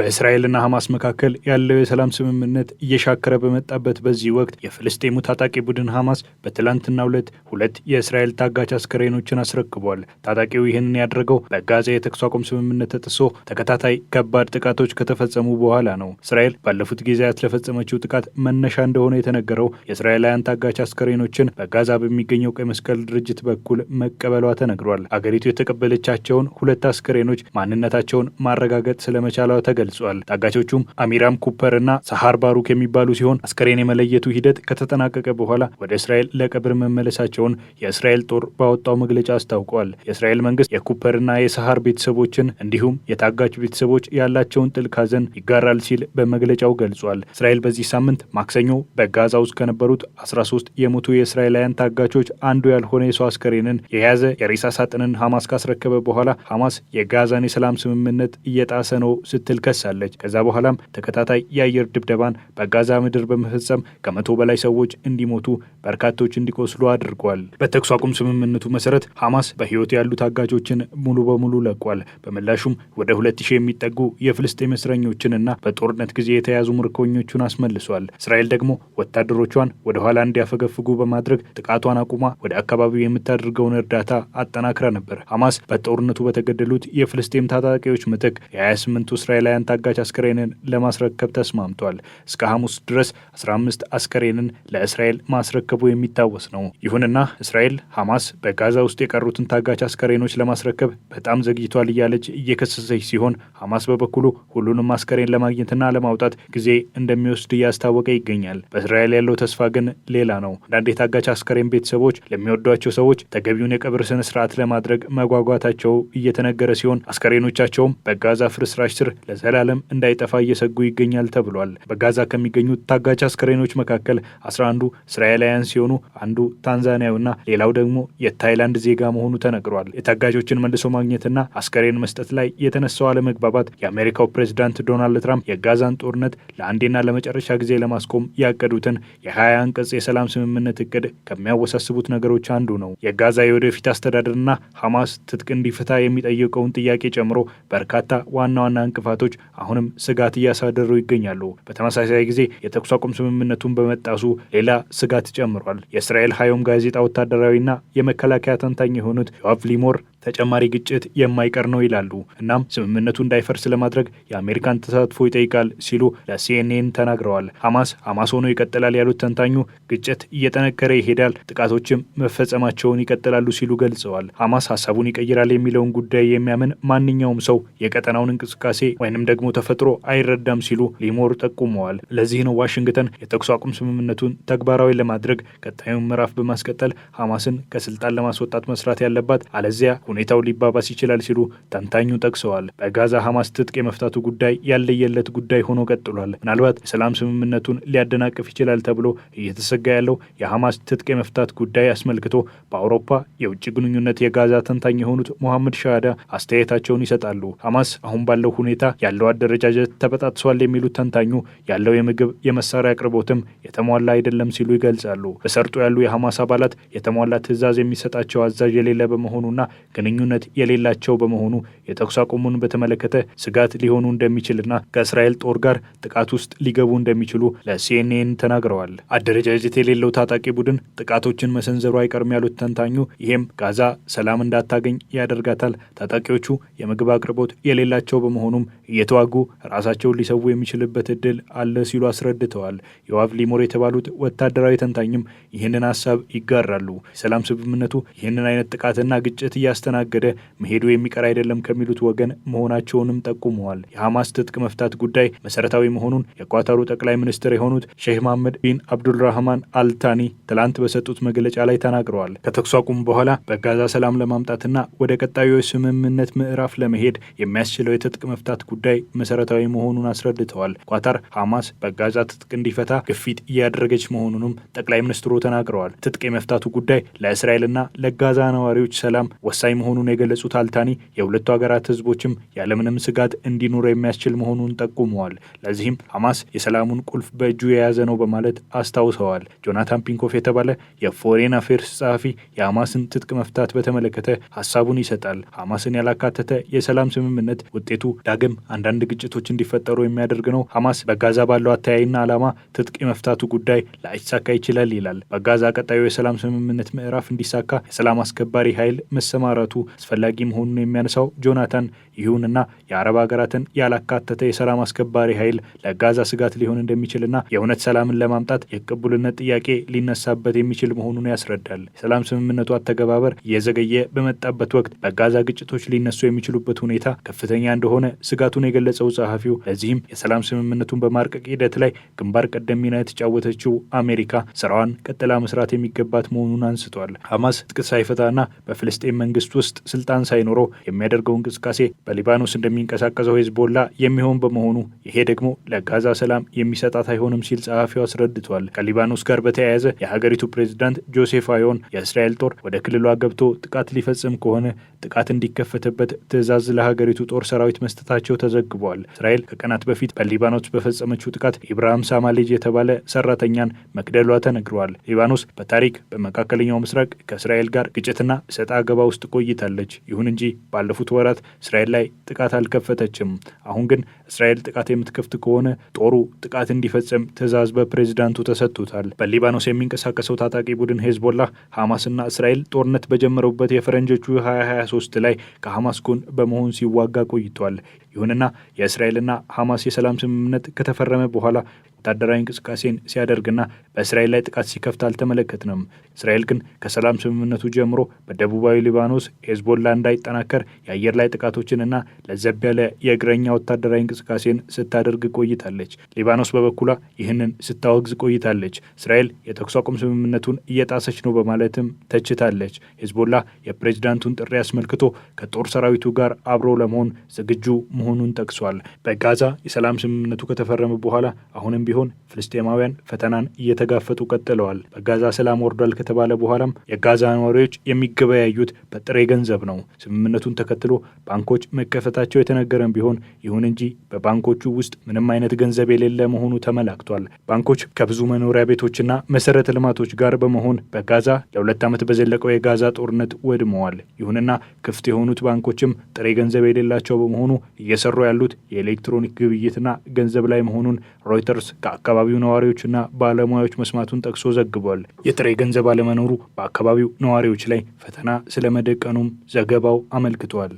በእስራኤልና ሐማስ መካከል ያለው የሰላም ስምምነት እየሻከረ በመጣበት በዚህ ወቅት የፍልስጤሙ ታጣቂ ቡድን ሐማስ በትላንትናው ዕለት ሁለት የእስራኤል ታጋች አስከሬኖችን አስረክቧል። ታጣቂው ይህንን ያደረገው በጋዛ የተኩስ አቁም ስምምነት ተጥሶ ተከታታይ ከባድ ጥቃቶች ከተፈጸሙ በኋላ ነው። እስራኤል ባለፉት ጊዜያት ለፈጸመችው ጥቃት መነሻ እንደሆነ የተነገረው የእስራኤላውያን ታጋች አስከሬኖችን በጋዛ በሚገኘው ቀይ መስቀል ድርጅት በኩል መቀበሏ ተነግሯል። አገሪቱ የተቀበለቻቸውን ሁለት አስከሬኖች ማንነታቸውን ማረጋገጥ ስለመቻሏ ተገለ ገልጿል። ታጋቾቹም አሚራም ኩፐር እና ሳሃር ባሩክ የሚባሉ ሲሆን አስከሬን የመለየቱ ሂደት ከተጠናቀቀ በኋላ ወደ እስራኤል ለቀብር መመለሳቸውን የእስራኤል ጦር ባወጣው መግለጫ አስታውቋል። የእስራኤል መንግስት የኩፐርና የሳሃር ቤተሰቦችን እንዲሁም የታጋች ቤተሰቦች ያላቸውን ጥልቅ ሐዘን ይጋራል ሲል በመግለጫው ገልጿል። እስራኤል በዚህ ሳምንት ማክሰኞ በጋዛ ውስጥ ከነበሩት 13 የሞቱ የእስራኤላውያን ታጋቾች አንዱ ያልሆነ የሰው አስከሬንን የያዘ የሬሳ ሳጥንን ሐማስ ካስረከበ በኋላ ሐማስ የጋዛን የሰላም ስምምነት እየጣሰ ነው ስትል ከስ ደርሳለች። ከዛ በኋላም ተከታታይ የአየር ድብደባን በጋዛ ምድር በመፈጸም ከመቶ በላይ ሰዎች እንዲሞቱ በርካቶች እንዲቆስሉ አድርጓል። በተኩስ አቁም ስምምነቱ መሰረት ሐማስ በህይወት ያሉ ታጋቾችን ሙሉ በሙሉ ለቋል። በምላሹም ወደ ሁለት ሺህ የሚጠጉ የፍልስጤም እስረኞችንና በጦርነት ጊዜ የተያዙ ምርኮኞቹን አስመልሷል። እስራኤል ደግሞ ወታደሮቿን ወደ ኋላ እንዲያፈገፍጉ በማድረግ ጥቃቷን አቁማ ወደ አካባቢው የምታደርገውን እርዳታ አጠናክራ ነበር። ሐማስ በጦርነቱ በተገደሉት የፍልስጤም ታጣቂዎች ምትክ የ28ቱ እስራኤላውያን የሱዳን ታጋች አስከሬንን ለማስረከብ ተስማምቷል። እስከ ሐሙስ ድረስ 15 አስከሬንን ለእስራኤል ማስረከቡ የሚታወስ ነው። ይሁንና እስራኤል ሐማስ በጋዛ ውስጥ የቀሩትን ታጋች አስከሬኖች ለማስረከብ በጣም ዘግይቷል እያለች እየከሰሰች ሲሆን ሐማስ በበኩሉ ሁሉንም አስከሬን ለማግኘትና ለማውጣት ጊዜ እንደሚወስድ እያስታወቀ ይገኛል። በእስራኤል ያለው ተስፋ ግን ሌላ ነው። አንዳንድ የታጋች አስከሬን ቤተሰቦች ለሚወዷቸው ሰዎች ተገቢውን የቀብር ስነ ስርዓት ለማድረግ መጓጓታቸው እየተነገረ ሲሆን አስከሬኖቻቸውም በጋዛ ፍርስራሽ ስር ለዘላለም እንዳይጠፋ እየሰጉ ይገኛል ተብሏል። በጋዛ ከሚገኙት ታጋች አስከሬኖች መካከል 11ዱ እስራኤላውያን ሲሆኑ አንዱ ታንዛኒያዊና ሌላው ደግሞ የታይላንድ ዜጋ መሆኑ ተነግሯል። የታጋቾችን መልሶ ማግኘትና አስከሬን መስጠት ላይ የተነሳው አለመግባባት የአሜሪካው ፕሬዚዳንት ዶናልድ ትራምፕ የጋዛን ጦርነት ለአንዴና ለመጨረሻ ጊዜ ለማስቆም ያቀዱትን የሀያ አንቀጽ የሰላም ስምምነት እቅድ ከሚያወሳስቡት ነገሮች አንዱ ነው። የጋዛ የወደፊት አስተዳደርና ሐማስ ትጥቅ እንዲፈታ የሚጠይቀውን ጥያቄ ጨምሮ በርካታ ዋና ዋና እንቅፋቶች አሁንም ስጋት እያሳደሩ ይገኛሉ። በተመሳሳይ ጊዜ የተኩስ አቁም ስምምነቱን በመጣሱ ሌላ ስጋት ጨምሯል። የእስራኤል ሀዮም ጋዜጣ ወታደራዊና የመከላከያ ተንታኝ የሆኑት ዮአቭ ሊሞር ተጨማሪ ግጭት የማይቀር ነው ይላሉ። እናም ስምምነቱ እንዳይፈርስ ለማድረግ የአሜሪካን ተሳትፎ ይጠይቃል ሲሉ ለሲኤንኤን ተናግረዋል። ሐማስ ሐማስ ሆኖ ይቀጥላል ያሉት ተንታኙ ግጭት እየጠነከረ ይሄዳል፣ ጥቃቶችም መፈጸማቸውን ይቀጥላሉ ሲሉ ገልጸዋል። ሐማስ ሀሳቡን ይቀይራል የሚለውን ጉዳይ የሚያምን ማንኛውም ሰው የቀጠናውን እንቅስቃሴ ወይንም ደግሞ ተፈጥሮ አይረዳም ሲሉ ሊሞር ጠቁመዋል። ለዚህ ነው ዋሽንግተን የተኩስ አቁም ስምምነቱን ተግባራዊ ለማድረግ ቀጣዩን ምዕራፍ በማስቀጠል ሐማስን ከስልጣን ለማስወጣት መስራት ያለባት አለዚያ ሁኔታው ሊባባስ ይችላል ሲሉ ተንታኙ ጠቅሰዋል። በጋዛ ሐማስ ትጥቅ የመፍታቱ ጉዳይ ያለየለት ጉዳይ ሆኖ ቀጥሏል። ምናልባት የሰላም ስምምነቱን ሊያደናቅፍ ይችላል ተብሎ እየተሰጋ ያለው የሐማስ ትጥቅ የመፍታት ጉዳይ አስመልክቶ በአውሮፓ የውጭ ግንኙነት የጋዛ ተንታኝ የሆኑት ሞሐመድ ሻሃዳ አስተያየታቸውን ይሰጣሉ። ሐማስ አሁን ባለው ሁኔታ ያለው አደረጃጀት ተበጣጥሷል የሚሉት ተንታኙ ያለው የምግብ የመሳሪያ አቅርቦትም የተሟላ አይደለም ሲሉ ይገልጻሉ። በሰርጡ ያሉ የሐማስ አባላት የተሟላ ትዕዛዝ የሚሰጣቸው አዛዥ የሌለ በመሆኑና ግንኙነት የሌላቸው በመሆኑ የተኩስ አቁሙን በተመለከተ ስጋት ሊሆኑ እንደሚችልና ከእስራኤል ጦር ጋር ጥቃት ውስጥ ሊገቡ እንደሚችሉ ለሲኤንኤን ተናግረዋል። አደረጃጀት የሌለው ታጣቂ ቡድን ጥቃቶችን መሰንዘሩ አይቀርም ያሉት ተንታኙ ይህም ጋዛ ሰላም እንዳታገኝ ያደርጋታል። ታጣቂዎቹ የምግብ አቅርቦት የሌላቸው በመሆኑም እየተዋጉ ራሳቸውን ሊሰዉ የሚችልበት እድል አለ ሲሉ አስረድተዋል። የዋቭ ሊሞር የተባሉት ወታደራዊ ተንታኝም ይህንን ሀሳብ ይጋራሉ። የሰላም ስምምነቱ ይህንን አይነት ጥቃትና ግጭት እያስተናገደ መሄዱ የሚቀር አይደለም ከሚሉት ወገን መሆናቸውንም ጠቁመዋል። የሐማስ ትጥቅ መፍታት ጉዳይ መሰረታዊ መሆኑን የኳታሩ ጠቅላይ ሚኒስትር የሆኑት ሼህ መሐመድ ቢን አብዱልራህማን አልታኒ ትላንት በሰጡት መግለጫ ላይ ተናግረዋል። ከተኩስ አቁም በኋላ በጋዛ ሰላም ለማምጣትና ወደ ቀጣዩ ስምምነት ምዕራፍ ለመሄድ የሚያስችለው የትጥቅ መፍታት ጉዳይ ጉዳይ መሰረታዊ መሆኑን አስረድተዋል። ኳታር ሐማስ በጋዛ ትጥቅ እንዲፈታ ግፊት እያደረገች መሆኑንም ጠቅላይ ሚኒስትሩ ተናግረዋል። ትጥቅ የመፍታቱ ጉዳይ ለእስራኤልና ለጋዛ ነዋሪዎች ሰላም ወሳኝ መሆኑን የገለጹት አልታኒ የሁለቱ ሀገራት ህዝቦችም ያለምንም ስጋት እንዲኖር የሚያስችል መሆኑን ጠቁመዋል። ለዚህም ሐማስ የሰላሙን ቁልፍ በእጁ የያዘ ነው በማለት አስታውሰዋል። ጆናታን ፒንኮፍ የተባለ የፎሬን አፌርስ ጸሐፊ የሐማስን ትጥቅ መፍታት በተመለከተ ሀሳቡን ይሰጣል። ሐማስን ያላካተተ የሰላም ስምምነት ውጤቱ ዳግም አንዳንድ ግጭቶች እንዲፈጠሩ የሚያደርግ ነው። ሐማስ በጋዛ ባለው አተያይና ዓላማ ትጥቅ የመፍታቱ ጉዳይ ላይሳካ ይችላል ይላል። በጋዛ ቀጣዩ የሰላም ስምምነት ምዕራፍ እንዲሳካ የሰላም አስከባሪ ኃይል መሰማራቱ አስፈላጊ መሆኑን የሚያነሳው ጆናታን፣ ይሁንና የአረብ ሀገራትን ያላካተተ የሰላም አስከባሪ ኃይል ለጋዛ ስጋት ሊሆን እንደሚችልና የእውነት ሰላምን ለማምጣት የቅቡልነት ጥያቄ ሊነሳበት የሚችል መሆኑን ያስረዳል። የሰላም ስምምነቱ አተገባበር እየዘገየ በመጣበት ወቅት በጋዛ ግጭቶች ሊነሱ የሚችሉበት ሁኔታ ከፍተኛ እንደሆነ ስጋቱ መገኘቱን የገለጸው ጸሐፊው ለዚህም የሰላም ስምምነቱን በማርቀቅ ሂደት ላይ ግንባር ቀደም ሚና የተጫወተችው አሜሪካ ስራዋን ቀጥላ መስራት የሚገባት መሆኑን አንስቷል። ሐማስ ትጥቅ ሳይፈታና በፍልስጤን መንግስት ውስጥ ስልጣን ሳይኖረው የሚያደርገው እንቅስቃሴ በሊባኖስ እንደሚንቀሳቀሰው ሄዝቦላ የሚሆን በመሆኑ ይሄ ደግሞ ለጋዛ ሰላም የሚሰጣት አይሆንም ሲል ጸሐፊው አስረድቷል። ከሊባኖስ ጋር በተያያዘ የሀገሪቱ ፕሬዚዳንት ጆሴፍ አዮን የእስራኤል ጦር ወደ ክልሏ ገብቶ ጥቃት ሊፈጽም ከሆነ ጥቃት እንዲከፈትበት ትዕዛዝ ለሀገሪቱ ጦር ሰራዊት መስጠታቸው ተዘግቧል። እስራኤል ከቀናት በፊት በሊባኖስ በፈጸመችው ጥቃት ሳማ ልጅ የተባለ ሰራተኛን መግደሏ ተነግረዋል። ሊባኖስ በታሪክ በመካከለኛው ምስራቅ ከእስራኤል ጋር ግጭትና እሰጥ አገባ ውስጥ ቆይታለች። ይሁን እንጂ ባለፉት ወራት እስራኤል ላይ ጥቃት አልከፈተችም። አሁን ግን እስራኤል ጥቃት የምትከፍት ከሆነ ጦሩ ጥቃት እንዲፈጽም ትዕዛዝ በፕሬዚዳንቱ ተሰጥቶታል። በሊባኖስ የሚንቀሳቀሰው ታጣቂ ቡድን ሄዝቦላ ሐማስና እስራኤል ጦርነት በጀመረበት የፈረንጆቹ 2023 ላይ ከሐማስ ጎን በመሆን ሲዋጋ ቆይቷል። ይሁንና የእስራኤልና ሐማስ የሰላም ስምምነት ከተፈረመ በኋላ ወታደራዊ እንቅስቃሴን ሲያደርግና በእስራኤል ላይ ጥቃት ሲከፍት አልተመለከትንም። እስራኤል ግን ከሰላም ስምምነቱ ጀምሮ በደቡባዊ ሊባኖስ ሄዝቦላ እንዳይጠናከር የአየር ላይ ጥቃቶችንና ለዘብ ያለ የእግረኛ ወታደራዊ እንቅስቃሴን ስታደርግ ቆይታለች። ሊባኖስ በበኩሏ ይህንን ስታወግዝ ቆይታለች። እስራኤል የተኩስ አቁም ስምምነቱን እየጣሰች ነው በማለትም ተችታለች። ሄዝቦላ የፕሬዚዳንቱን ጥሪ አስመልክቶ ከጦር ሰራዊቱ ጋር አብሮ ለመሆን ዝግጁ መሆኑን ጠቅሷል። በጋዛ የሰላም ስምምነቱ ከተፈረመ በኋላ አሁንም ቢሆን ፍልስጤማውያን ፈተናን እየተጋፈጡ ቀጥለዋል። በጋዛ ሰላም ወርዷል ከተባለ በኋላም የጋዛ ነዋሪዎች የሚገበያዩት በጥሬ ገንዘብ ነው። ስምምነቱን ተከትሎ ባንኮች መከፈታቸው የተነገረን ቢሆን ይሁን እንጂ በባንኮቹ ውስጥ ምንም አይነት ገንዘብ የሌለ መሆኑ ተመላክቷል። ባንኮች ከብዙ መኖሪያ ቤቶችና መሰረተ ልማቶች ጋር በመሆን በጋዛ ለሁለት ዓመት በዘለቀው የጋዛ ጦርነት ወድመዋል። ይሁንና ክፍት የሆኑት ባንኮችም ጥሬ ገንዘብ የሌላቸው በመሆኑ እየሰሩ ያሉት የኤሌክትሮኒክ ግብይትና ገንዘብ ላይ መሆኑን ሮይተርስ ከአካባቢው ነዋሪዎችና ባለሙያዎች መስማቱን ጠቅሶ ዘግቧል። የጥሬ ገንዘብ አለመኖሩ በአካባቢው ነዋሪዎች ላይ ፈተና ስለመደቀኑም ዘገባው አመልክቷል።